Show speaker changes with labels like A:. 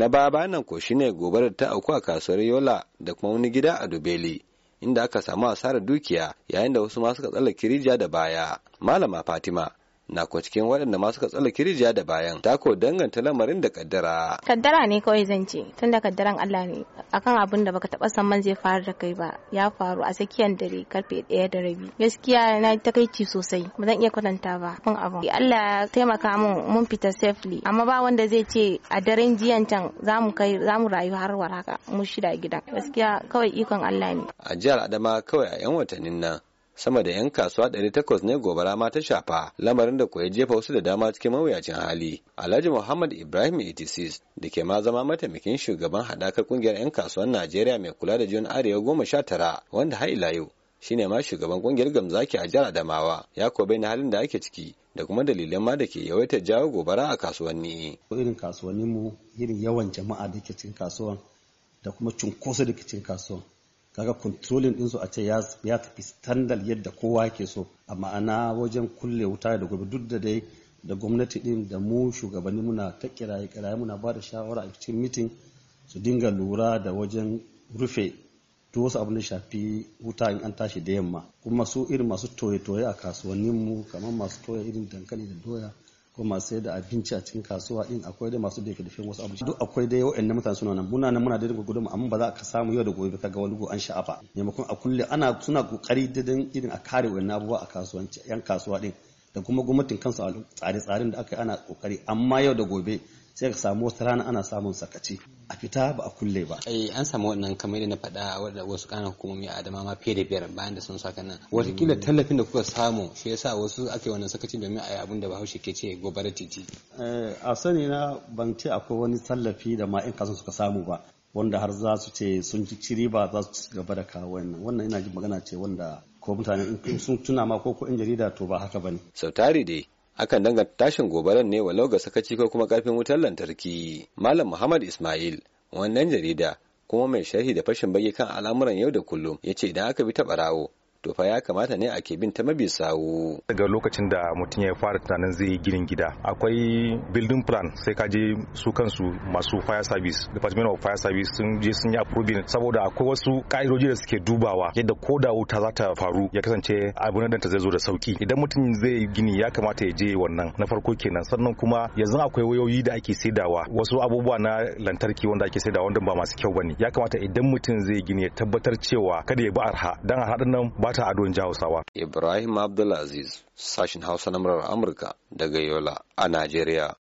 A: na baya nan ko shine gobarar ta auku a kasuwar yola da kuma wani gida a dubeli inda aka samu asarar dukiya yayin da wasu ma suka tsallake rijiya da baya malama fatima na ko cikin waɗanda ma suka tsala kirjiya da bayan ta ko danganta lamarin da kaddara
B: kaddara ne kawai zan ce tunda kaddaran Allah ne akan abin da baka taba san man zai faru da kai ba ya faru a tsakiyar dare karfe ɗaya da rabi gaskiya na takaici sosai ba zan iya kwatanta ba kan abin eh, Allah ya taimaka mun mun fita safely amma ba wanda zai ce a daren jiyan can zamu kai zamu rayu har waraka mu shida gidan gaskiya kawai ikon Allah ne
A: a jihar Adama kawai a 'yan watannin nan sama da 'yan kasuwa 800 ne gobara ma ta shafa lamarin da kuwa jefa wasu da dama cikin mawuyacin hali alhaji muhammad ibrahim 86 da ke ma zama mataimakin shugaban hadakar ƙungiyar 'yan kasuwan najeriya mai kula da jiyon arewa goma sha tara wanda har ila yau shine ma shugaban ƙungiyar gamzaki a jihar adamawa ya ko na halin da ake ciki da kuma dalilan ma da ke yawaita jawo gobara a kasuwanni.
C: irin mu irin yawan jama'a da ke cikin kasuwan da kuma cunkoso da ke cikin kasuwan kaga controlling su a ce ya tafi standard yadda kowa ke so a ma'ana wajen kulle wuta da gobe duk da dai da gwamnati din da mu shugabanni muna ta kiraye kiraye muna ba da shawara a cikin mitin su dinga lura da wajen rufe duk wasu abin da shafi wuta in an tashi da yamma kuma su irin masu toye-toye a kasuwannin mu kamar masu toye irin dankali da doya ko masu sayar da abinci a cikin kasuwa din akwai dai masu da kadafin wasu abinci duk akwai dai wa'annan mutane suna nan muna nan muna da gudu amma ba za ka samu yau da gobe ka ga wani go an sha'afa maimakon a kulle ana suna kokari dadan irin a kare wa'annan abubuwa a kasuwanci yan kasuwa din da kuma gwamnatin kansu a tsare-tsaren da aka yi ana kokari amma yau da gobe sai ka samu wata rana ana samun sakaci a fita ba a kulle ba
A: eh an samu wannan kamar yadda na faɗa wadda wasu ƙananan hukumomi a adama ma fiye da biyar bayan da sun saka nan watakila mm. tallafin da kuka samu shi yasa wasu ake wannan sakaci domin a yi abin da bahaushe ke ce gobara titi
C: eh, a sani na ban ce akwai wani tallafi da ma in kasan suka samu ba wanda har za su ce sun ci ba za su ci gaba da kawo wannan wannan ina jin magana ce wanda ko mutane sun tuna ma ko ko 'yan jarida to ba haka bane
A: sautari dai akan danganta tashin gobarar ne walau ga sakaci ko kuma karfin wutar lantarki malam muhammad ismail wannan jarida kuma mai sharhi da fashin bayyakan kan al'amuran yau da kullum ya ce idan
D: aka bi ta barawo to fa ya kamata ne a ke bin ta mabi sawu daga lokacin da mutum ya fara tunanin zai yi ginin gida akwai building plan sai ka je su kansu masu fire service department of fire service sun je sun yi approve saboda akwai wasu ka'idoji da suke dubawa yadda ko da wuta za ta faru ya kasance abin da ta zai zo da sauki idan mutum zai gini ya kamata ya je wannan na farko kenan sannan kuma yanzu akwai wayoyi da ake saidawa wasu abubuwa na lantarki wanda ake saidawa wanda ba masu kyau bane ya kamata idan mutum zai gini ya tabbatar cewa kada ya bi arha dan arha nan ba bata a hausawa. Ibrahim Abdulaziz, sashin Hausa na murar Amurka daga Yola a Najeriya.